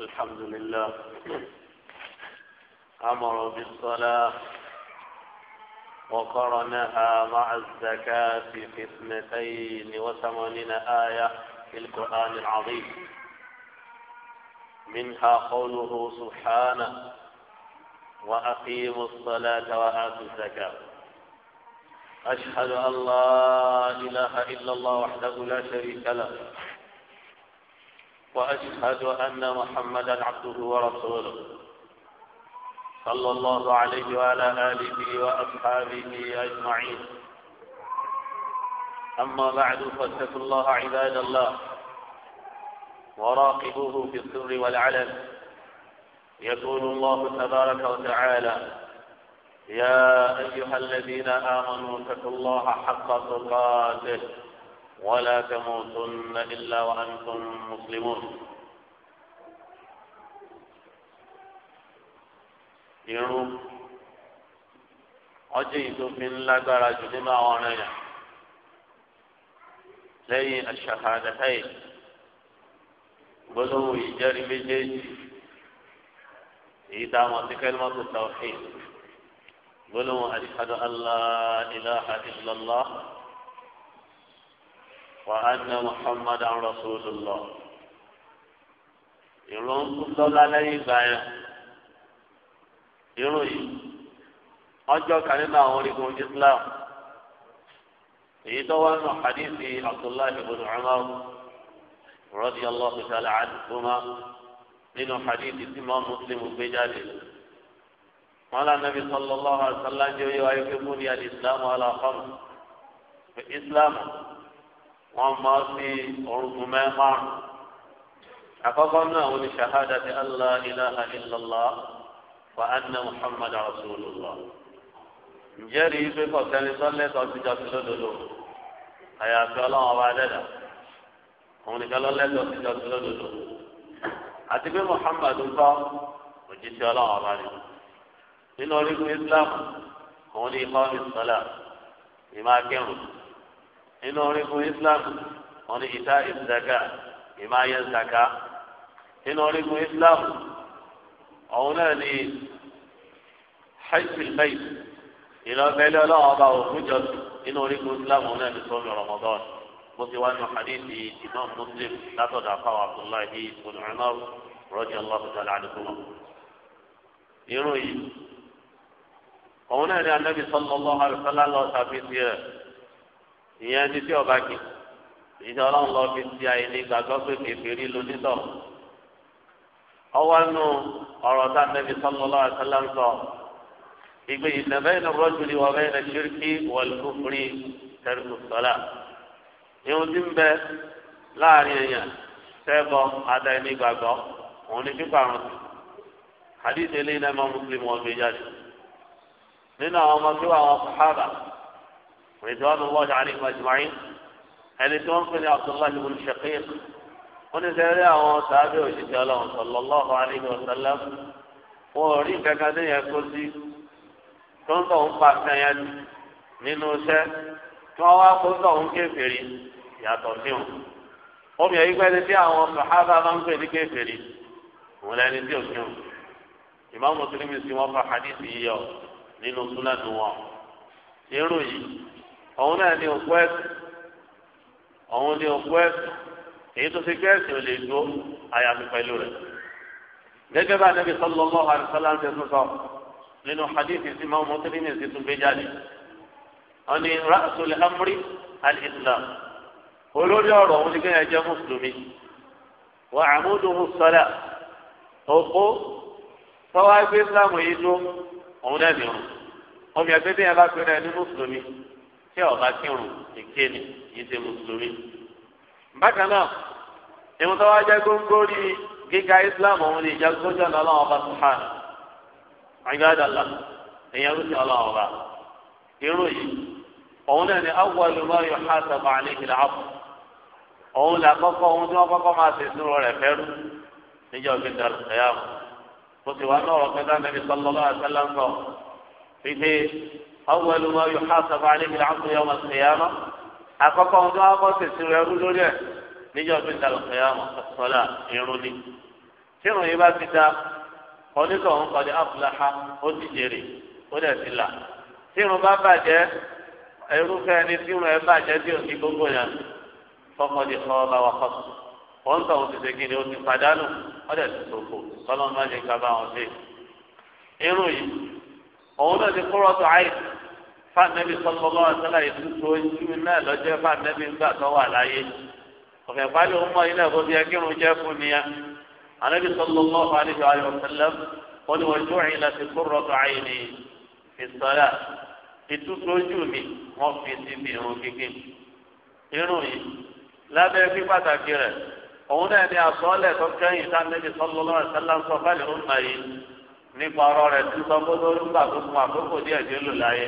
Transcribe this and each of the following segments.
الحمد لله أمر بالصلاة وقرنها مع الزكاة في اثنتين وثمانين آية في القرآن العظيم منها قوله سبحانه وأقيموا الصلاة وآتوا الزكاة أشهد أن لا إله إلا الله وحده لا شريك له وأشهد أن محمدا عبده ورسوله صلى الله عليه وعلى آله وأصحابه أجمعين أما بعد فاتقوا الله عباد الله وراقبوه في السر والعلن يقول الله تبارك وتعالى يا أيها الذين آمنوا اتقوا الله حق تقاته ولا تموتن إلا وأنتم مسلمون irun ọjọ́ yìí tó fi ń lágbára jù nínú àwọn ọ̀ràn yẹn lẹ́yìn aṣàhàdàtàyè gbólóhùn ìjẹ́rìí méjèèjì èyí tá a mọ̀ sí kẹ́límọ́tò tàwọ́fì gbólóhùn ashhadu an la ilaha illallah. وأن محمدا رسول الله ìrun tó lọ́lá lẹ́yìn ìgbà yẹn ìrun yìí ọjọ́ kan nínú àwọn orígun Islam èyí tó wá nù hadithi Abdullahi ibn Umar radiyallahu ta'ala anhuma nínú hadithi tí mọ́ Muslim gbé jáde wọn lọ nàbí sallallahu alaihi wasallam jẹ́ oyè wáyé pé múni al-Islam ala khams Islam wọn mọ sí orúkún mẹ́fà àkọ́kọ́ náà wọn ni ṣahada ti allah ilaha illallah wa anna muhammad rasulullah ǹjẹ́rìí pé kọ̀ọ̀kẹ́ni sọ́lẹ́sọ̀ ti jọ sí lódodo àyàfi ọlọ́run ọba dẹ́dà òun nìkan lọ́lẹ́sọ̀ ti jọ sí lódodo àti pé muhammad ń kọ́ òjíṣẹ́ ọba rẹ̀ nínú orígun islam òun ni ikọ́ ìsọ̀lá ìmáa kẹrùn-ún nínú orígun islam wọn ní ìta ìsaka ìmáyé nsaka nínú orígun islam ọ̀hún náà ní hajjil bayt ìlọ́bẹ̀lẹ́ ọlọ́run ọba òkújọ nínú orígun islam ọ̀hún náà ní sọ́mi ramadan bó ti wá ní hadithi imam muslim látọ̀dọ̀ afáwọ̀ abdullahi ibn umar radiyallahu ta'ala anhuma. irun yìí ọ̀hún náà ní anabi sallallahu alaihi wasallam lọ́ọ́ sàfihàn ìyẹn ti tí ọba kì ìjọ ọlọ́run lọ fi ti àyè ní gbàgbọ́ pé kèfèrí lonítọ̀ ọwọ́ nù ọ̀rọ̀ tá nẹ́bi sallallahu alaihi wasallam ń sọ ìgbé ìdẹ̀bẹ́ ìnà rọ́jùlì wà bẹ́ẹ̀ ẹ̀ ṣíríkì wọ̀lùkúfúrí tẹ̀rùkù sọ́lá ìhun tí ń bẹ láàrin èèyàn sẹ́bọ̀ adá ẹni gbàgbọ́ òun ni fífa sí hadith eléyìí náà mọ́ mùsùlùmí wọn gbé jáde nínú àwọn ọmọ tí wọn àwọn sàhábà رضوان الله عليهم اجمعين ẹni tí wọn ń pè ní abdullahi ibn shaqiq wọn ní sẹrí àwọn sàábẹ òṣìṣẹ Ọlọ́run sallallahu alayhi wa sallam wọn ò rí kankan ní yẹn kó sí tó ń bọ̀ ń pa kankan nínú iṣẹ́ tí wọn wá kó ń bọ̀ ń kéferì yàtọ̀ sí wọn. omi ẹ̀yí pẹ́ ni tí àwọn sàhábà máa ń pè ní kéferì wọn lẹni tí ò sí wọn. ìmáàmù mùsùlùmí sí wọn fa hadith yìí yọ nínú súnà tó wọn. irú yìí òun náà ní òkú ẹ̀sìn òun ní òkú ẹ̀sìn èyí tó ti gbé ẹ̀sìn ò lè dúró àyàfi pẹ̀lú rẹ̀ gẹ́gẹ́ bá Nabi sallallahu alaihi wasallam ti tún sọ nínú hadithi sí máa mọ́tò nínú ìsìn tún gbé jáde wọn ni ra'sul amri al-islam olórí ọ̀rọ̀ òun ni kéèyàn jẹ́ mùsùlùmí wà àmúdùmù sọ́lá òkú tọ́wá gbé yìí dúró òun náà nìyẹn wọn bí ẹgbẹ́ tí yẹn bá pinnu ẹni mùsùlùmí tí ọba kírun èké ni yìí ṣe mùsùlùmí. bákan náà ìmú tó wá jẹ́ góńgóri gíga islam òun ni ìjàgbọ́jọ́ náà lọ́wọ́ ọba sùhánù àgbàdàlà èèyàn ló ti ọlọ́wọ́ ọba. irú yìí òun náà ni awwalu ma yuhasabu alayhi al-abd òun là kọ́kọ́ òun tí wọ́n kọ́kọ́ máa ṣe ìṣúró rẹ̀ fẹ́rù níjọ́ gbẹdà ẹ̀yà mo sì wá náà ọ̀pẹ́ dáná ní sọ́lọ́lá أول ما يحاسب عليه العبد يوم القيامة أقوى أن أقوى تسير له níjọ́ bí ta lọ́kẹ́yàmọ̀ sọ́lá irun ni. tírun yìí bá ti da onítọ̀ ń kọ́ni abúláha ó ti jèrè ó dẹ̀ ti là. tírun bá bàjẹ́ irúfẹ́ ẹni tírun ẹ bàjẹ́ tí òsì gbogbo yẹn fọkàn ní kọ́ bá wà kọ́sù. wọ́n tọ̀ ó ti ṣe kíni ó ti pàdánù ó dẹ̀ ti sòfò sọ́lọ́n má lè ka bá wọn dé. irun yìí òun náà ti kúrò tó àyè fáànẹ́bí sọlọ́lọ́ àtàlà ìtútù ojú náà lọ́jọ́ fáànẹ́bí ńgbà tó wà láyé ọ̀fẹ́ balẹ̀ òun mọ̀ iná ìfọ́bí akírun jẹ́ fún ni ya ànẹ́bí sọlọ́lọ́ àlejò ayọ̀ sẹlẹ̀m ó ní wọ́n jọ́ọ̀yìn láti kúrò tó àyè ní ìsọ̀lá ìtútù ojú mi wọ́n fi síbi irun kíkí irun yìí lábẹ́ fí pàtàkì rẹ̀ òun náà ní nípa ọ̀rọ̀ rẹ̀ tó sọ fún lórúkà tó fún àkókò díẹ̀ tí ó lò láyé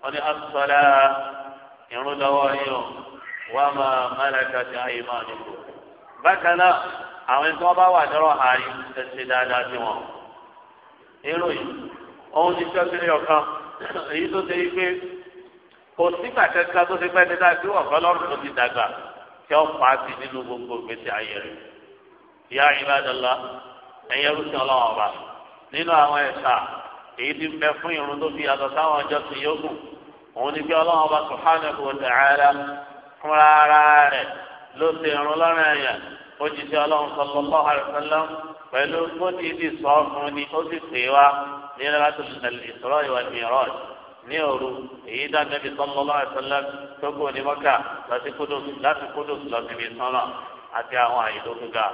wọ́n ní asọ́lá ìrún lọ́wọ́ yín o wọ́n máa mẹ́lẹ́ka ti ayé máa nípò. bákan náà àwọn ẹni tí wọ́n bá wà dọ́rọ̀ ààyè ẹsẹ̀ dáadáa sí wọn. èrò yìí òun ti fẹ́ sílẹ̀ ọ̀kan èyí tó ṣe pé kò sígbà kankan tó ṣe pẹ́ nígbà tí wọ́n fẹ́ lọ́rùn tó ti dàgbà tí ó pa á sí nínú gbogbo ìgbésí ayé rẹ̀. ìyá ìbádọ́lá ẹ̀yẹ́rú ti ọlọ́wọ́ ọ̀bà nínú àwọn ẹ̀sà èyí tí ń bẹ fún irun tó fi yàtọ̀ sáwọn ọjọ́ sí yókù òun ni pé ọlọ́run ọba subhanahu wa ta'ala fúnra ara rẹ̀ ló ṣe irun lọ́rùn ẹ̀yà ó ti ṣe ọlọ́run sallallahu alaihi wasallam pẹ̀lú bó ti di sọ fún ni ó sì pè wá ní lailatul isra wal miraj ní òru èyí dá Nabi sallallahu alaihi wasallam tó kò ní Mọ́kà láti Kudus láti Kudus lọ síbi sánà àti àwọn àyè tó gbéga.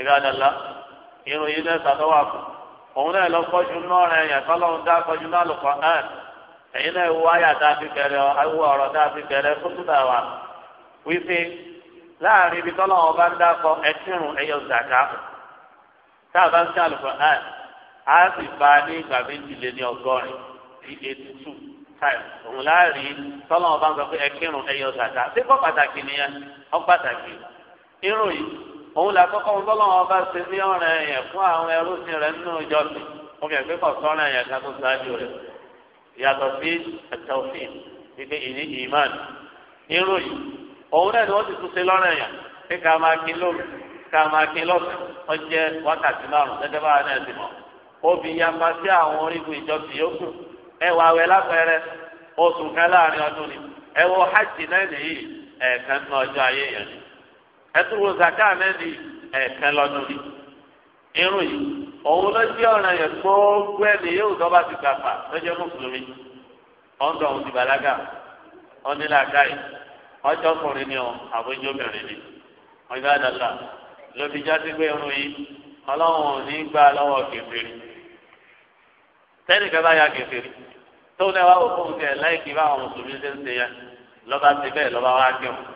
ìgbà dàlá irun yìí lẹ́sà tó wà fún òun náà lọ kọjú náà rẹ yẹn tọ́lọ́run dá kọjú náà lùkọ́ náà ẹ̀yin náà wọ àyà tá a fi bẹ̀rẹ̀ awọ ọ̀rọ̀ tá a fi bẹ̀rẹ̀ fúnṣúná wa wípé láàrin ibi tọ́lọ́run bá ń dákọ ẹtírun ẹyọ zàká tá a bá ń náà sì bá a ní ìgbà eighty two òun láàrin ń sọ pé ẹyọ ṣé kọ́ pàtàkì nìyẹn ọ òun là kọ́kọ́ ń tọ́lọ́ wọn bá ṣe ní ọ̀rẹ́ yẹn fún àwọn ẹrúsìn rẹ̀ nínú ìjọsìn wọn kẹ̀ pé kọ̀ sọ́rọ̀ yẹn ká tó ṣáájú rẹ̀ yàtọ̀ sí ẹ̀tọ́fíìn wípé ìní ìmán irú yìí òun náà ni wọ́n ti tún ṣe lọ́rẹ́ yẹn pé ká máa kí lóru ká máa kí lọ́sẹ̀ wọ́n jẹ́ wákàtí márùn-ún gẹ́gẹ́ bá ti mọ̀ obì yapa sí àwọn orígun lápẹẹrẹ oṣù kan láàrin ọdún ni hajj náà nìyí ẹ̀ẹ̀kan ẹtù wo zaka nẹbi ẹkẹ lọdún ni irun yìí òun ló jẹ ọ̀ràn yẹn gbogbo ẹni yóò dọba ti gbà fà lọjọ mùsùlùmí ọ̀dọ̀ òun ti bàlágà ọ̀nìlàkà yìí ọjọ́ ọkùnrin ni ọ àbójú obìnrin ni ọjọ́ àdàlà ló fi jáde pé irun yìí ọlọ́run ò ní gbà lọ́wọ́ kẹfìrì tẹ́nìkan bá ya kẹfìrì tóun náà wà wò fún un tẹ̀ láì kí báwọn mùsùlùmí ṣe ń ṣe yẹn lọ́ba ti bẹ́ẹ̀ lọ́ba wá kẹ́wọ̀n.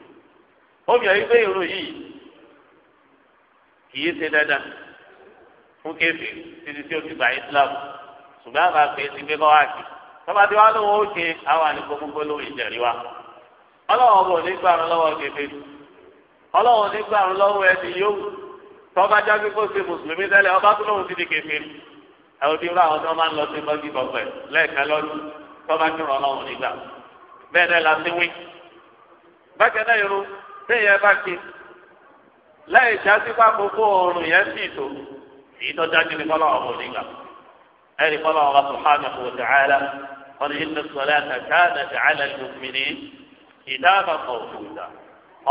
obìnrin yìí pé irun yìí kìí ṣe dandan fún kéfì títí tí o ti gba islam ṣùgbọ́n àbá pé ti gbé kọ́wá kì tọ́ba tí wàá lówó ṣe àwọn àlùkò gbogbo lórí ìjẹ̀rí wa ọlọ́wọ́n bò ní gbàrún lọ́wọ́ kéfì ọlọ́wọ́n ní gbàrún lọ́wọ́ ẹni yóò tọ́ba jágbé kó ṣe mùsùlùmí tẹ́lẹ̀ ọba tó lóun ti di kéfì ẹ̀rọ ti rà ọ̀dọ́ máa ń lọ sí mọ́gì bọ̀pẹ̀ lẹ́ẹ̀kan lọ́dún tọ́ba téèyàn bá ké láì jásí pápó kó oorun yẹn sì tó èyí tó dájú ní fọlọ́ ọ̀bùn nígbà ẹ̀rí fọlọ́ ọ̀bùn subhanahu wa ta'ala wọn ni inna salata kanat 'ala al-mu'minina kitaban mawquta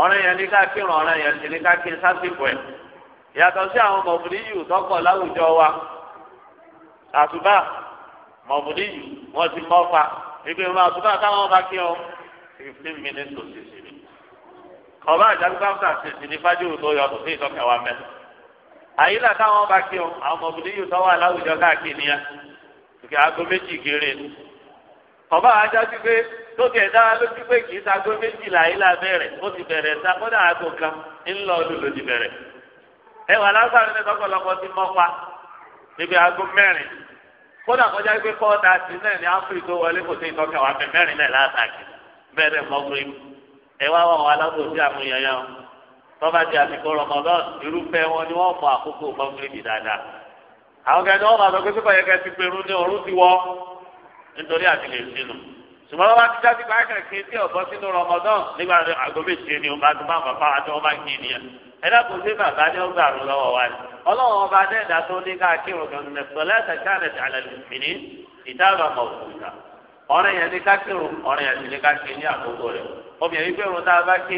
ọ̀rẹ́ yẹn ní ká kírun ọ̀rẹ́ yẹn sì ní ká kí sásìkò ẹ̀ yàtọ̀ sí àwọn mọ̀bùnìyù tọkọ̀ láwùjọ wa àtúbà mọ̀bùnìyù wọ́n ti mọ́ fa ìgbìmọ̀ àtúbà táwọn bá kí ọba àjàgbá ọ̀sán àti ìsìn ní fájúwò tó yọ ọdún sí ìtọ́kẹ̀ wa mẹ́ta. àyílà táwọn bá kí o àwọn ọmọbìnrin yìí tọ́wọ́ aláwùjọ káàkiri kìkì aago méjì ọba àjá pé tó tiẹ̀ lójú pé kì í sa aago bẹ̀rẹ̀ ó ti bẹ̀rẹ̀ sa aago kan ńlọ ọdún ló ti bẹ̀rẹ̀. ẹ wà lásán níbi aago mẹ́rin kódà kọjá pé sí náà ní áfíríkà ẹ wá wà wọn alábòsí àwọn èèyàn yẹn tọ́ba ti àsìkò rọmọdán irúfẹ́ wọn ni wọ́n mọ àkókò kọ́ńtìrìbì dáadáa àwọn kẹ́kẹ́ wọn máa sọ pé sípò yẹn kẹ́ ti pẹ̀lú ní ọ̀run ti wọ́ nítorí àti lè sínú ṣùgbọ́n wọn bá ti dá sípò akẹ́kẹ́ tí ọ̀bọ sínú rọmọdán nígbà tí àgọ́ méje ni ọba tó bá bàbá àti ọba kì í nìyẹn ẹ dákun sí bàbá ní ọgbà rún lọ́wọ́ wa ni ọlọ́run ọba dẹ́ẹ̀dá ọ̀rẹ́ yẹn ní ká kírun ọ̀rẹ́ yẹn sì ní ká ṣe ní àkókò rẹ̀ obìnrin pé irun tá a bá kí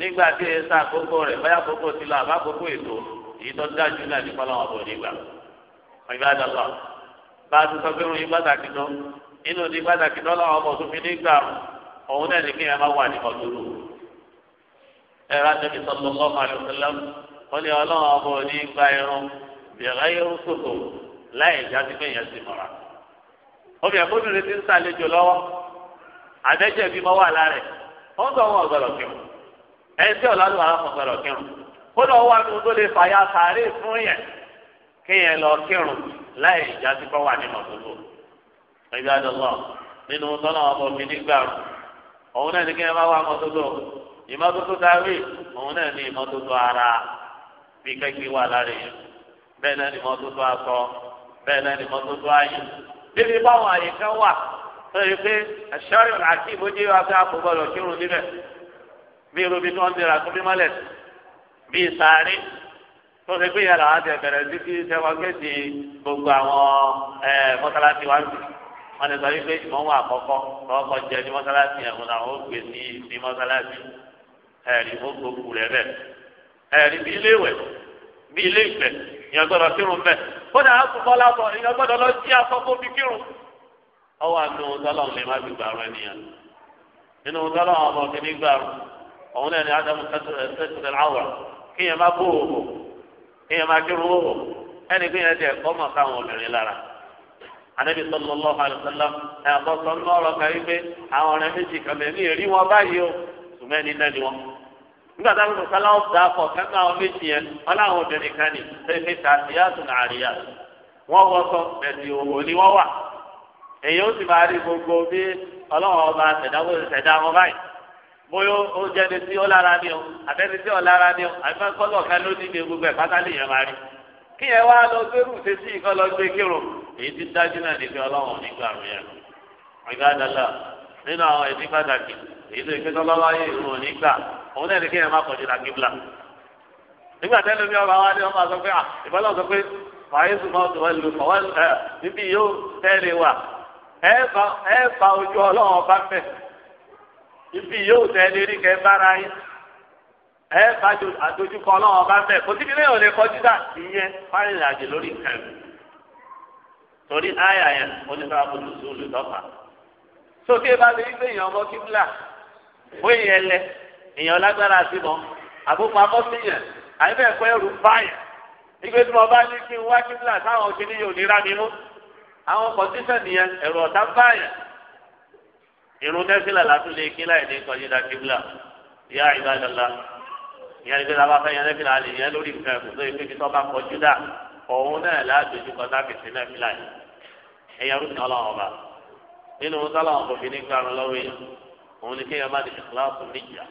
nígbà tí ẹ sá àkókò rẹ̀ báyà àkókò ti lọ àbá àkókò ètò èyí tó dájú náà ní fọlọ́wọ́n bò nígbà ọ̀yìnbá dọ̀lọ́ bá a ti sọ pé irun yìí pàtàkì tó inú ní pàtàkì tó lọ́wọ́ bọ̀ tó fi nígbà òun náà ní kí ẹ má wà ní ọdún ẹ̀rọ àtẹ̀bí ní ọlọ́wọ́ bò obìnrin àbóbìnrin ti ń sàlejò lọ́wọ́ àdẹ́jẹ́ bí mo wà lára ẹ̀ wọ́n sọ wọn ọ̀gọ̀rọ̀ kírun ẹni tí ọ̀làlù ara fọ̀ ọ̀gọ̀rọ̀ kírun kó lọ wá nu tó lè fàyà sàárè fún yẹn kí yẹn lọ kírun láì ìjà sí kọ́ wà nínú ọ̀dọ́dọ́ ẹgbẹ́ àdọ́gbọ́ nínú tọ́lá ọmọ mi nígbà òun náà ní kí yẹn bá wà mọ́tótó ìmọ́tótó dárí òun náà ní ìmọ́tótó ara bí kẹ́kẹ́ wà lára yẹn bẹ́ẹ̀ náà ní ìmọ́tótó aṣọ bẹ́ẹ̀ náà ní ìmọ́tótó ayé níbi báwọn àyè kan wà tó yẹ pé ẹ̀ṣọ́rìn àti ìbójú wa fẹ́ àpògbọ́dọ̀ kírun níbẹ̀ bí irúbi tó ń dira tó bí mọ́lẹ̀ bí sàárì tó ṣe pé yàrá àti ẹ̀bẹ̀rẹ̀ títí sẹ́wọ́n gẹ̀ẹ́sì gbogbo àwọn mọ́sálásí wa ń bì wọ́n ti sọ wípé ìmọ̀wó àkọ́kọ́ lọ́kọ́ jẹ ní mọ́sálásí ẹ̀hún làwọn ó gbé sí ní mọ́sálásí ẹ̀rí ó gbogbo rẹ̀ bẹ́ẹ̀ ẹ̀rí bí ilé ìwẹ̀ bí ilé ìgbẹ́ ìyẹn kódà àtúbọ̀ látọ̀ èèyàn gbọ́dọ̀ lọ jí afọ́fọ́ bí kírun. ọwọ́ àti ohun tọ́lọ̀ lè má gbìgbà rẹ nìyẹn nínú ohun tọ́lọ̀ ọmọ kìíní gbà rẹ òun náà ni ádámù sẹ́tìlẹ̀ àwọ̀ kíyẹn má bó òwò kíyẹn má kírun òwò ẹnì kíyẹn tẹ̀ kọ́ mọ̀ káwọn obìnrin lára. Ànábì sallallahu alaihi wasallam ẹ̀ nígbà táwọn mùsàlá ń sá pọ̀ kẹ́kọ̀ọ́ àwọn méjì yẹn wọn láwọn obìnrin kan ní pépé tàṣíyàtù nàáríyà wọn wọṣọ bẹ̀sì òwò ni wọ́n wà èyí ó sì máa rí gbogbo bí ọlọ́wọ́n ọba ṣẹ̀dáwó ṣẹ̀dá wọn báyìí bóyá ó jẹni tí ó lára ni o àbẹ́ni tí ó lára ni o àbẹ́ kọ́lọ̀ kan ló ní ní gbogbo ẹ̀ pátálì yẹn máa rí kí ẹ wá lọ gbẹrù ṣe sí ìkọ́ lọ gbé kírun èyí ti dájú náà nígbà ọlọ́wọ́n nígbà rẹ̀ yẹn ìgbà dáadáa nínú àwọn ẹbí pàtàkì èyí tó ìpín òní gbà òun náà ní kí ẹ má kọjú la kíbla nígbà tẹ́lẹ̀ mi ọba wa ni ọba sọ pé à ìbálò sọ pé fàáyésù máa tó ẹ níbi yóò tẹ́lẹ̀ wà ẹ bá ojú ọba mẹ́ ibi yóò tẹ́lẹ̀ rí kẹ́ bára yín ẹ bá àdójúkọ ọba mẹ́ kò síbi kọjú dà ìyẹn fáìlì lórí nǹkan torí áyà yẹn sókè bá lè gbé èèyàn ọmọ kíbla bó èèyàn lẹ èèyàn lágbára àti mọ àbúkọ abọ́síyàn àyẹ̀bẹ̀ ẹ̀kọ́ ẹ̀rù báyà ìgbé tí mo bá ní kí n wá kíbla táwọn kìíní yóò nira mi mú àwọn kọ̀ǹtíṣàn nìyẹn ẹ̀rù ọ̀tá báyà irun tẹ́sílà látún lè kí láì ní kọjá kíbla ìyá ìbádọ́lá ìyá ìgbé tá a bá fẹ́ yẹn lẹ́fìlà lè yẹn lórí nǹkan ẹ̀kọ́ tó nínú mọ́sálà wọn kò fi ní gbàrún lọ́wọ́ yẹn òun ni kéèyàn má di ìkíláàsì níjà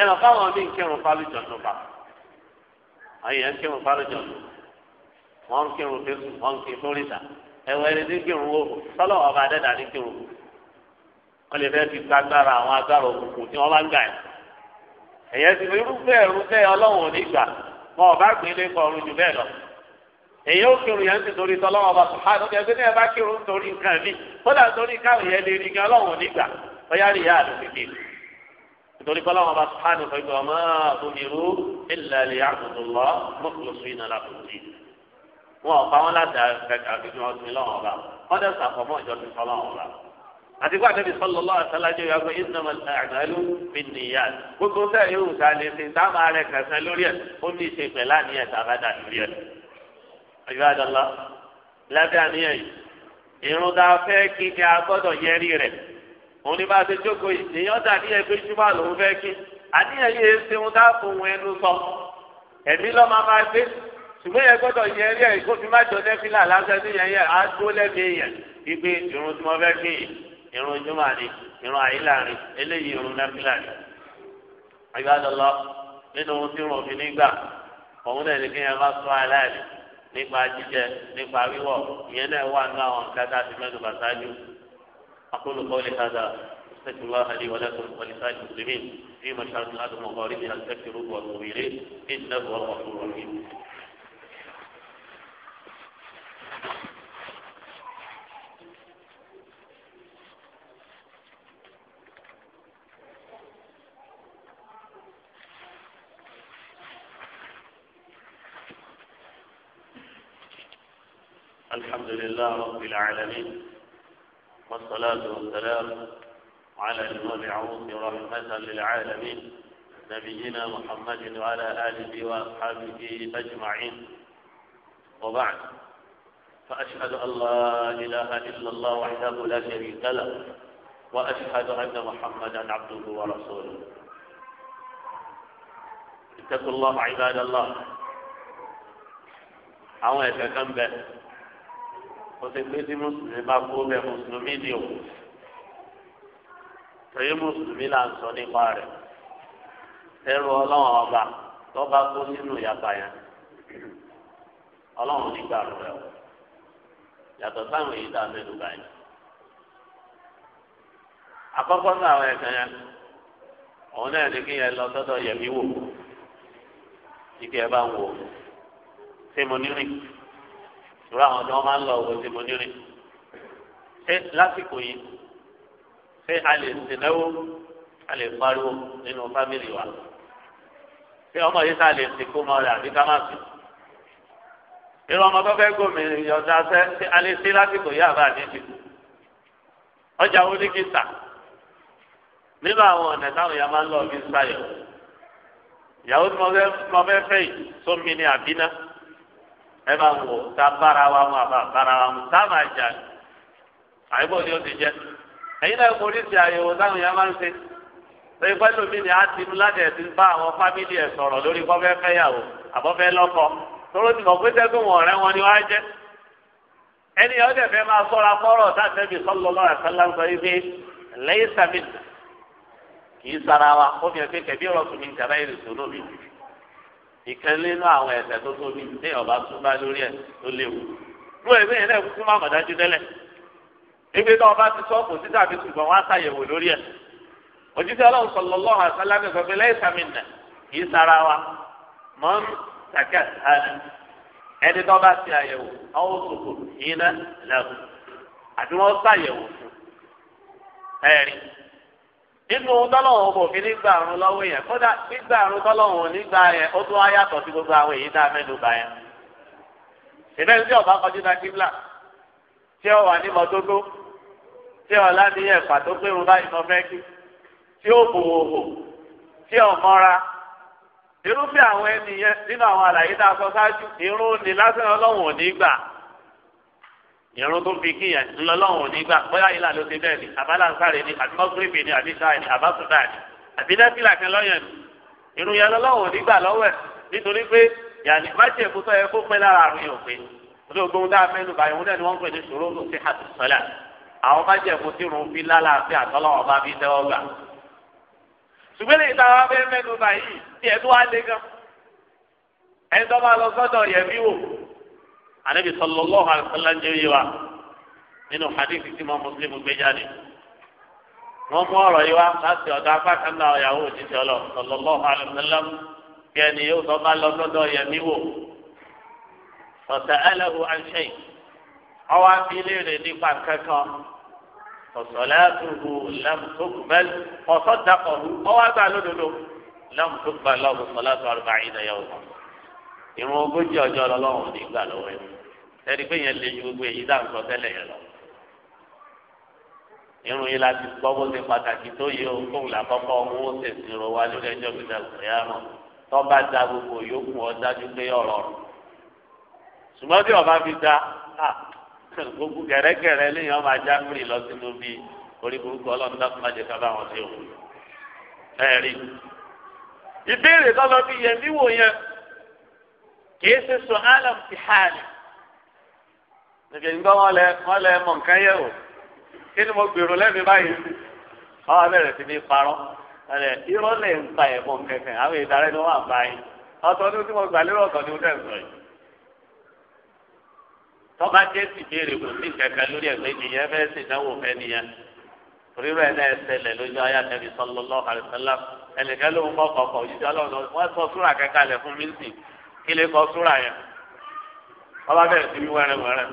ẹ lọ fáwọn mí kírun fálùjọ tó bá àyè ń kírun fálùjọ tó wọn ń kírun fésù wọn ń ẹwọ ẹni tí ń kírun ọba adẹ́dà ní kírun wọn lè fẹ́ fi gbàgbára àwọn agbára òkùnkùn tí bá ń ẹ̀yẹ́ ti fi èyí ó kírun yẹn ti torí tọ́lọ́wọ́ bá sùhánù kí ẹgbẹ́ náà bá kírun nítorí nǹkan mi kódà torí káwọn yẹn lè rí gan ọlọ́run nígbà ọyá rí ìyá àdùn bèbè nítorí tọ́lọ́wọ́ bá sùhánù fún ìgbà ọmọ àbúmirú ìlàlẹ̀ àbùdùlọ́ mọ́kùlùsù ìnàlá kùtì wọn ọ̀pá wọn ládàá kẹkẹ àbíjú ọdún lọ́wọ́ ọba wọn dẹ̀ sàfọmọ́ ìjọsìn tọ́lọ́wọ́ ọba àti kó àtẹ́bí sọlọ lọ́wọ́ àtàlájọ yà gbé ìdùnnà àgbàlú mi nìyà gbogbo sẹ́yìn òun lè fi dáàmà rẹ̀ kẹsàn-án lórí ẹ̀ ó ní ìṣe pẹ̀lá ní ẹ̀ tàbádà lórí ẹ̀ àyíwádàlá lábẹ́ àníyàn yìí irun tá a fẹ́ kí ni a gbọ́dọ̀ yẹrí rẹ̀ òun ni bá a ti jókòó yìí èèyàn dà níyẹn pé júmọ́ àlòun fẹ́ kí àníyàn yìí ṣe ohun tá a fò wọn ẹnu sọ ẹ̀mí lọ́ máa máa gbé ṣùgbọ́n yẹn gbọ́dọ̀ yẹrí ẹ̀ kó fi má jọ nẹ́fìlà lásán níyẹn yẹn á dó lẹ́mí èèyàn wípé irun tí wọ́n fẹ́ kí irun júmọ́ ni irun àyílà ni eléyìí irun nẹ́fìlà ni àyíwádàlá nínú ohun tí irun òfin nígbà òun náà ní kéèyàn má sọ aláìlú nípa jíjẹ nípa wíwọ̀ ìyẹn náà wà ní àwọn kẹta àti mẹ́nuba ṣáájú akólókó lè kàdà استغفر الله لي ولكم ولسائر المسلمين في مشارق الارض ومغاربها استغفروه واتوبوا اليه انه هو الغفور الرحيم الحمد لله رب العالمين والصلاة والسلام على المبعوث رحمة للعالمين نبينا محمد وعلى آله وأصحابه أجمعين وبعد فأشهد أن لا إله إلا الله وحده لا شريك له وأشهد أن محمدا عبده ورسوله اتقوا الله عباد الله àwọn ẹ̀fẹ̀ kan kó ṣe pé tí mùsùlùmí bá kó bẹ mùsùlùmí ni o torí mùsùlùmí là ń sọ nípa rẹ̀ ẹrù ọlọ́run ọba tó bá kó sínú ìyàpá yẹn ọlọ́run nígbà rẹ̀ o yàtọ̀ sáwọn èyí tá a mẹ́nu báyìí àkọ́kọ́ sí àwọn ẹ̀sẹ̀ yẹn òun náà ní kí yẹn lọ sọ́dọ̀ yẹ̀mí wò kíkẹ́ ẹ bá ń wò ṣé mo ní rìn ìrora àwọn tí wọ́n máa ń lọ òwò tí mo ní rí ṣé lásìkò yìí ṣé a lè sìnẹ́wó a lè pariwo nínú fámìlì wa ṣé ọmọ yìí sáà lè sìnkú mọ́ rẹ̀ àbí ká má sìn irun ọmọ tó fẹ́ gómìnà ìyọ̀dá sẹ́ ṣe alẹ́ sí lásìkò yá àbá àdéjì ọjà wo ní kí n nínú àwọn ọ̀nà táwọn èèyàn máa ń lọ bí n ìyàwó tí mo fẹ́ fẹ́ yìí sómi ni àbínà ẹ bá wò ká bára wa mu àbá bára wa mu sáà máa jà àyíbó ni ó ti jẹ ẹyin náà kò rí sí àyẹ̀wò táwọn èèyàn máa ń ṣe lórí pẹ́lú mi ni a ti mú láti ẹ̀sìn bá àwọn fámìlì ẹ̀ sọ̀rọ̀ lórí kọ́fẹ́ fẹ́yàwó àbọ̀fẹ́ lọ́kọ tóró ti mọ̀ pé sẹ́gun wọn ọ̀rẹ́ wọn ni wọ́n á jẹ́ ẹni ọ̀ dẹ̀ fẹ́ máa sọ́ra fọ́rọ̀ sáfẹ́bí sọ́lọ́lọ́ àṣálàǹsọ ibi lẹ́yìn sàmìlì kì í sara wa ó fi hàn pé kẹ̀bí ọ̀rọ̀ mi ń tẹ̀lé ìrìnsò lómi ìkan nínú àwọn ẹ̀ṣẹ̀ tó tóbi ní ọba túnbá lórí ẹ̀ tó léwu ló ẹgbẹ́ yẹn náà kúkú má dájú tẹ́lẹ̀ ebi tó ọba ti sọ́ọ̀kù sí tàbí ṣùgbọ́n wọn á lórí ẹ̀ òjíṣẹ́ ọlọ́run sallallahu kì í sara wa mọ́ ń tàkẹ́ àdé ẹni tó bá ti àyẹ̀wò àwọn òṣòfò yìí náà nínú tọ́lọ́wọ́n ọkọ̀ òfin nígbà àrùn lọ́wọ́ yẹn kódà nígbà àrùn tọ́lọ́wọ́n nígbà yẹn ó tún ayàtọ̀ sí gbogbo àwọn èyí tá a mẹ́nu bá yẹn. ìbẹ́ni tí ọba kọjú náà kíbla tí ó wà ní mọ́tótó tí ọ̀la ní ẹ̀fà tó pérun báyìí fẹ́ kí tí ó tí ọ mọ́ra. irúfẹ́ àwọn ẹni yẹn nínú àwọn àlàyé tá a sọ ṣáájú irun ni lásán ọlọ́wọ́n ìrún tó fi kíyàn ńlọlọ́run nígbà bóyá ilà ló ti bẹ́ẹ̀ ni àbálà ń sáré ni àbí mọ́gírìbì ni àbí sáà ni àbásùdà ni àbí nẹ́fìlà kan lọ́yàn ni ìrún yẹn lọ́lọ́run nígbà lọ́wọ́ ẹ̀ nítorí pé yàní máṣe ìkútọ́ yẹ kó pẹ́ lára àrùn yóò pé olóògbóhun dá mẹ́nu báyìí wọn ni wọ́n ń pè ní ṣòro ló ti hà tó sọ́lá àwọn máṣe ìkú tí rùn fi lálàáfíà àtọ́lọ́wọ́ anabi sallallahu alayhi wa sallam jẹ́ yìí wa nínú hadith tí mo muslim gbé jáde wọ́n mú ọ̀rọ̀ yìí wá láti ọ̀dọ̀ afákàndà ọ̀yàwó òjíṣẹ́ ọlọ sallallahu alayhi wa sallam kí ẹni yóò tọ́ bá lọ sọ́dọ̀ yẹmí wò ọ̀sẹ̀ ẹlẹ́hu àṣẹ ọwọ́ abiléèrè nípa kankan ọ̀sọ̀lẹ́tùhù lẹ́mùtòkùbẹ́l ọ̀sọ̀dàkọ̀hù ọwọ́ agbá lódodo lẹ́mùtòkùbẹ́l lọ́wọ́ sọ̀lẹ́tù àrùbáyé náà yẹ ìrun ogójì ọjọ́ lọ́lọ́run nígbà lọ́wọ́ ẹ̀ ẹni pé yẹn lè ju gbogbo èyí dá nǹkan tẹ́lẹ̀ yẹn lọ. ìrun yìí láti gbọ́ bó ṣe pàtàkì tó yẹ ohun làkọ́kọ́ owó ṣèṣin ro wa lórí ẹjọ́ gbígbà ìgbéyà náà tọ́ba da gbogbo yòókù ọ dájú pé ọ̀rọ̀ rẹ̀ ṣùgbọ́n bí ọba fi da gbogbo gẹ̀rẹ́gẹ̀rẹ́ lẹ́yìn ọba ajá pèrè lọ sínú bíi orí burúkú ọlọ́run dákúmá jẹ ká bá ṣe òun ẹ̀rí ìbéèrè tọ́lọ́ fi yẹ níwò yẹn kìí ṣe sọ alam ti hàlì nígbà nígbà wọn lẹ wọn lẹ mọ nǹkan yẹ o kí ni mo gbèrò lẹ́mìí báyìí wọn abẹ́rẹ́ sí ní parọ́ ẹ̀ irọ́ lẹ̀ ń pa ẹ̀mọ́ kẹ̀kẹ́ àwọn ìdarí ni wọ́n àbá yìí ọ̀tọ̀ ní tí mo gbà lérò ọ̀tọ̀ ní ọdẹ sọ yìí. tọ́ba jẹ́ sì béèrè kò sí kẹ̀kẹ́ lórí ẹ̀gbẹ́ nìyẹn fẹ́ sì dánwò fẹ́ nìyẹn rírọ ẹ̀ náà ṣẹlẹ̀ lójú ayé àtẹ̀bí sallallahu alaihi wasallam ẹnìkan ló ń bọ̀ kọ̀ọ̀kọ̀ òjijì ọlọ́run wọn sọ súrà kẹ́kẹ́ alẹ̀ fún mílíọ̀nù kí lè kọ súra yẹn ọba bẹ̀rẹ̀ sí wí wẹ́rẹ́wẹ́rẹ́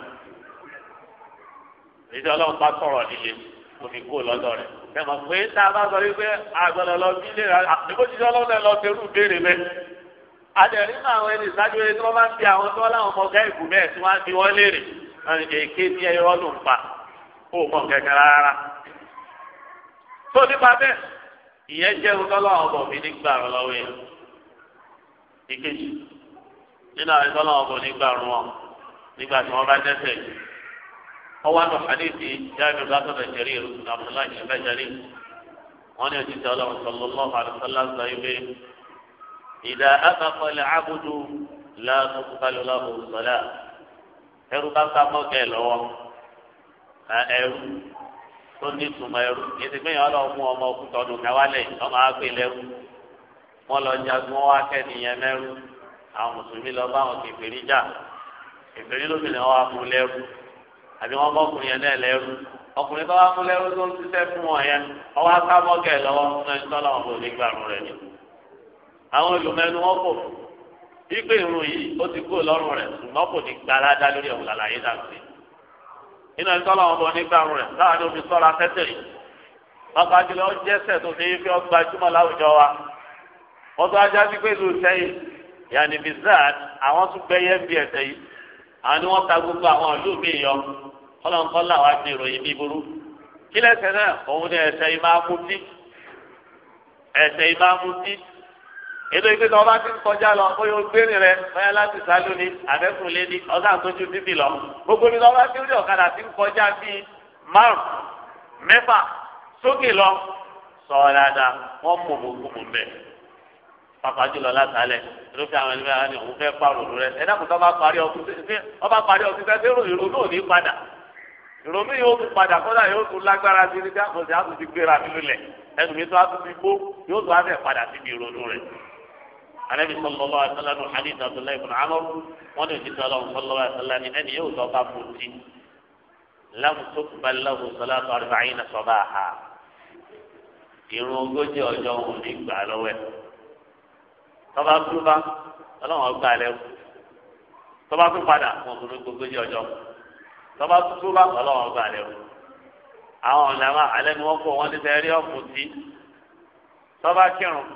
ìdí ọlọ́run bá sọ̀rọ̀ nílé omi kó lọ́dọ̀ rẹ̀ tẹ̀mọ̀ pé tá a bá sọ wípé àgbọ̀dọ̀ lọ bí lè ra àdìgbò jíjẹ ọlọ́run ẹ̀ lọ serú béèrè mẹ́ adẹ̀rí mọ àwọn ẹni ìsájú ẹni tí wọ́n máa ń fi àwọn tí wọ́n láwọn ọmọ ọ̀gá ìbù mẹ́ẹ̀ tí wọ́n á fi léèrè èké ní ẹyọ ló ń pa ó mọ̀ kẹ̀kẹ́ rárá tó nípa bẹ́ẹ̀ ìyẹn jẹ́ ọlọ́run ọmọ mi nígbà lọ́wọ́ yẹn ìkejì nínú àwọn ìtọ́lọ́ wọn kò ní gbà rún wọn nígbà tí wọ́n bá dẹ́sẹ̀ ọwọ́ àti hadithi jáde látọ̀dọ̀ jẹ̀rí ìrùsùn abdullahi ṣẹlẹ̀ jẹ̀rí wọn ni òjijì ọlọ́run sallallahu alaihi wasallam sọ ibi ìdá abakọlẹ̀ abudu láàbù kálọ̀láàbù sọ̀dá ẹrú bá ká mọ́kẹ́ lọ́wọ́ ẹrú tó ní ìtumọ̀ ẹrú yìí gbẹ̀yìn ọlọ́run mú ọmọ òkúta ọmọ àwọn mùsùlùmí lọ bá àwọn kèfèrí jà kèfèrí lómìnira wa mú lẹ́rú àbí wọ́n bọ́kùnrin yẹn náà lẹ́rú ọkùnrin tó wá mú lẹ́rú tó ń ṣiṣẹ́ fún wọn yẹn ọwọ́ akábọ́kẹ́ lọ́wọ́ fún ẹni tọ́lá wọn kò ní gbàrún rẹ̀ ni àwọn olùmẹ́nu wọn kò fún ipe irun yìí ó ti kúrò lọ́rùn rẹ̀ ṣùgbọ́n kò ní gbalada lórí ọ̀hún làlàyé dàgbé inú ẹni tọ́lá wọn bọ̀ ní gbàrún rẹ̀ láwọn omi sọ́ra tẹ́tẹ̀ yìí wọ́n tó ajá sí pé ìlú sẹ́yìn yàní bizad àwọn tún gbẹyẹ bí ẹsẹ yìí àwọn ni wọn ta gbogbo àwọn ìlú mi yọ kọlọńkọlọ àwọn àti ìròyìn bí burú kí lẹsẹ náà òun ni ẹsẹ yìí máa mutí ẹsẹ yìí máa mutí ètò ìgbé tó ọba ti ń kọjá lọ bóyá o gbé rẹ bóyá láti sálú ni àbẹ́kùnlé ni ọ̀sán tó ju títì lọ gbogbo ní ọba ti ń rí ọ̀kadà ti ń kọjá bíi márùn mẹ́fà sókè lọ sọ̀rọ̀ dáadáa wọ́n mú gbogbo mú bẹ́ẹ̀ pàpà jùlọ látàlẹ irúfẹ́ àwọn ẹlẹmẹ àwọn ènìyàn fẹ́ pàrònú rẹ ẹ dákun tó bá parí ọkùn sí ọba parí ọkùn sí ẹsẹ ìrònú òní padà ìrònú yóò tún padà kọ́dà yóò tún lágbára sí ní dáàbò sí àtúntì gbéra nínú lẹ ẹnu mi tó àtúntì gbó yóò tún àfẹ padà síbi ìrònú rẹ. anabi sọlọlọ asalamu hadith abdullahi ibn amr wọn lè ti sọlọ sọlọlọ asalani ẹni yóò tọ́ bá fòtí lamutu balamu salatu arba'in sọba ha irun ogójì ọjọ́ òní gbà lọ́wọ́ tọ́ba túbá ọlọ́run ọgbà lẹ́wọ̀ tọ́ba tún padà wọn kò ní gbogbo yí ọjọ́ tọ́ba tún túbá ọlọ́run ọgbà lẹ́wọ̀ àwọn ọ̀nà máa alẹ́ ni wọ́n kó wọn ti fẹ́ rí ọ̀pọ̀ tí tọ́ba kírun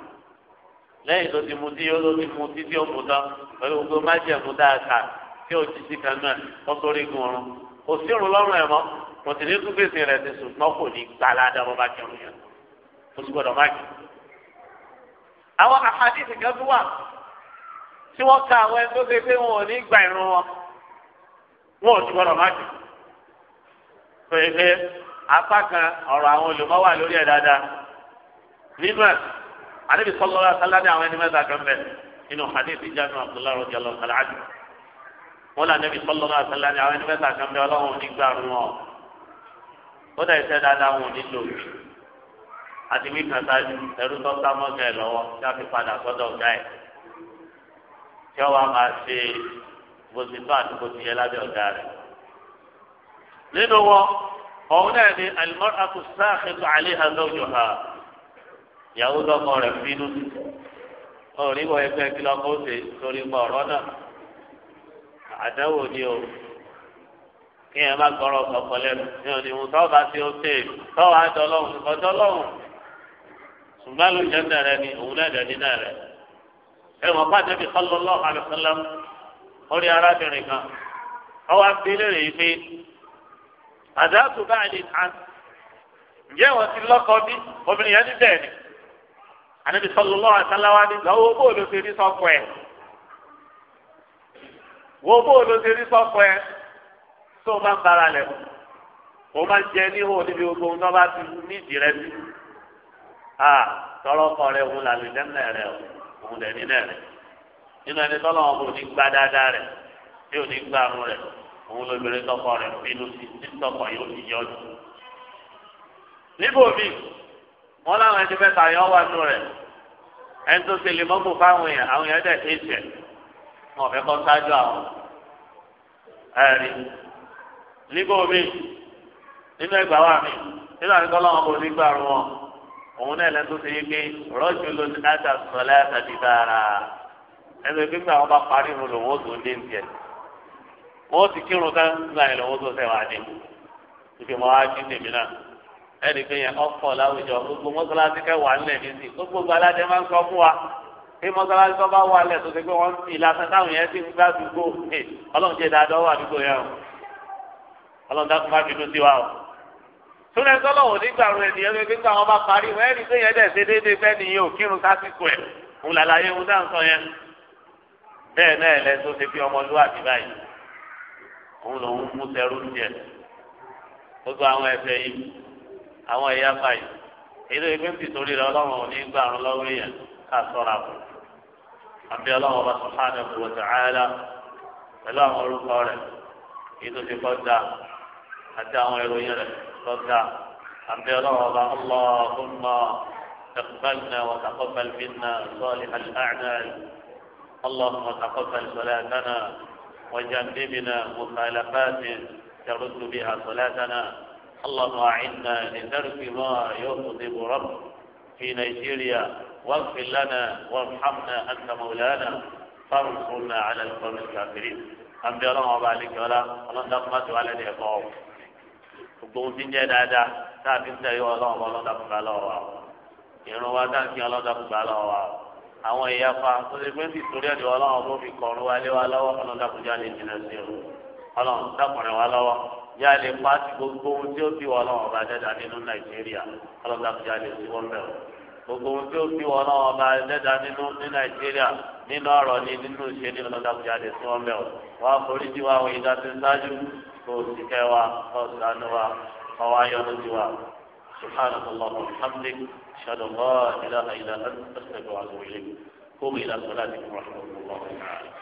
lẹ́yìn tó ti mutí yóò tó ti mutí tí ó mu tán pẹ̀lú gbogbo májèmú dáadáa tí ó ti sí kan náà wọ́n torí gun ọ̀run kò sí òrùn lọ́rùn ẹ̀ mọ́ kò sì ní tún gbèsè rẹ̀ ti sùn náà kò ní gbàlá dábọ́ bá kírun yẹn kò sì gbọ́dọ̀ má kírun àwọn àhàdìsì kan tó wà tí wọ́n ka àwọn ẹni tó ṣe pé wọn ò ní gba ìrun wọn wọn ò ti gbọdọ̀ má jù pé pé apá kan ọ̀rọ̀ àwọn olùmọ̀ wà lórí ẹ̀ dáadáa nínú ẹ̀ àdébí sọ́lọ́ sálá ní àwọn ẹni mẹ́ta kan bẹ̀ nínú àdébí jáde Abdullahi rọ̀jì ọlọ́sálá àjù wọn là níbi sọ́lọ́ sálá ní àwọn ẹni mẹ́ta kan bẹ̀ ọlọ́run ò ní gba ìrun wọn ó dẹ̀ iṣẹ́ dáadáa wọn ò ní lò àti wí kàtà ẹrú tó sá mọ́gà ẹ̀ lọ́wọ́ tí a fi padà sọ́dọ̀ ọ̀gá ẹ̀ tí ọ wá máa ṣe bó ti tó àti bó ti yẹ lábẹ́ ọ̀gá rẹ̀. nínú wọn ọ̀hún náà ni al-mar'atu as-sakhitu 'alayha zawjuha ìyàwó lọ́kọ rẹ̀ bínú sí wọ ẹgbẹ́ kí lọ́kọ ó ṣe torí gbọ́ ọ̀rọ̀ náà àdáwò ni o kí ẹ má gbọ́rọ̀ ọ̀kọ̀ lẹ́nu ní òní ìwòsàn ọba tí ó ṣe tọ́wọ́ àjọ lọ́hùn ọjọ́ lọ́hùn ṣùgbọ́n àlùjáde rẹ ni òun náà dẹ̀ nínú rẹ ẹ wọ́n bá débi sallallahu alaihi wasallam orí arábìnrin kan ọwọ́ abílẹ̀ rẹ̀ yìí pé àdáàtú báyìí ní ta ǹjẹ́ wọ́n ti lọ́kọ bí obìnrin yẹn ní bẹ́ẹ̀ ni ànábi sallallahu alaihi wasallam ni lọ́wọ́ bóòlù ti rí sọ́kọ ẹ̀ wo bóòlù ti rí sọ́kọ ẹ̀ tó o bá ń bára lẹ̀ o máa ń jẹ níhò níbi gbogbo ohun tó bá ti ní ìdí rẹ bí a rẹ òun làlù dẹ́mẹ̀ rẹ òun lẹ̀ nílẹ̀ rẹ nínú ẹni tọ́lọ́ wọn kò gbá dáadáa rẹ tí ò gbá àrùn rẹ òun lóbìnrin tọkọ rẹ bínú sí títọkọ yóò fi yọ jù. níbo mi wọn láwọn ẹni fẹ́ tàyọ̀ wà nù rẹ ẹni tó ṣe lè mọ́kù fáwọn èèyàn àwọn èèyàn dẹ̀ ṣe ìṣẹ̀ wọn fẹ́ kọ́ ṣáájú àwọn ẹ̀rí níbo mi nínú ẹgbàá wà mí nínú àdìgbọ́ lọ́wọ́ kò ní gbà àrùn wọn. òun náà lẹ́nu tó ṣe yí pé rọ́jò ló ní àtàdé dára àwọn bá parí lòun ó tó dé nìyẹn wọ́n ti kírun tán nígbà yẹn lòun ó tó sẹ́wà dé ìfẹ́ wọn á tèmi náà ẹnì pé yẹn ọkọ̀ láwùjọ gbogbo mọ́sálásí kẹwàá ńlẹ̀ ní sí gbogbo aládé máa ń sọ fún wa mọ́sálásí tó bá wà lẹ̀ tó pé wọ́n táwọn yẹn ti ń o ọlọ́run fi dùn sí wa túnlẹ̀ sọ́lọ́ òní gbàrú ènìyàn pé nígbà wọn bá parí wọn ẹni tó yẹn dẹ̀ ṣe déédéé fẹ́ ni yóò kírun sásìkò ẹ̀ òun làlàyé òun dáhùn sọ yẹn bẹ́ẹ̀ náà ẹ̀lẹ́ tó ṣe fi ọmọlúwàbí báyìí òun lòun mú sẹ́rú díẹ̀ gbogbo àwọn ẹ̀fẹ́ yìí àwọn ẹ̀yà báyìí èdè ìpè ń tìtorí rẹ ọlọ́run òní gbàrú lọ́wọ́ èèyàn ká sọ́ra fún àbí ọlọ́run bá subhanahu wa ta'ala pẹ̀lú àwọn orúkọ rẹ̀ èyí tó ti kọ́ da àti صدع عبد اللهم اقبلنا وتقبل منا صالح الأعمال اللهم تقبل صلاتنا وجنبنا مخالفات ترد بها صلاتنا اللهم أعنا لترك ما يغضب رب في نيجيريا واغفر لنا وارحمنا أنت مولانا فانصرنا على القوم الكافرين أنبياء الله وبارك ولا الله نقمت على الإقامة gbogbo ohun tí ń jẹ́ dáadáa tá a fi ń tẹ̀yọ́ ọlọ́run ọlọ́dàkùnbá lọ́wọ́ wa ìrún wa dáńkì ọlọ́dàkùnbá lọ́wọ́ wa àwọn ìyapa tó ṣe pé ń tìtorí ẹ̀dẹ̀ ọlọ́run ló fi kọ̀ọ̀rọ̀ wa lé wa lọ́wọ́ ọlọ́dàkùnjá lè jìnnà sí o ọlọ́run dákùnrin wa lọ́wọ́ yá lè pa ti gbogbo ohun tí ó fi wọ ọlọ́run ọba dẹ́dà nínú nàìjíríà ọlọ́dàkùnjá lè sí wọn bẹ̀rù gbogbo ohun tí ó fi wọ ọlọ́run ọba dẹ́dà nínú ní nàìjíríà nínú ọ̀rọ̀ ni nínú ìṣe ní ọlọ́dàkùnjá lè sí wọn bẹ̀rù wọ́n á forí فوزك يا فوز عنوا قوايا سبحانك اللهم وبحمدك أشهد أن لا إله إلا أنت أستغفرك وأتوب إليك قوم إلى صلاتكم ورحمة الله تعالى